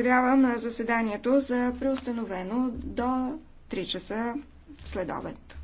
Обявявам заседанието за преустановено до 3 часа след обед.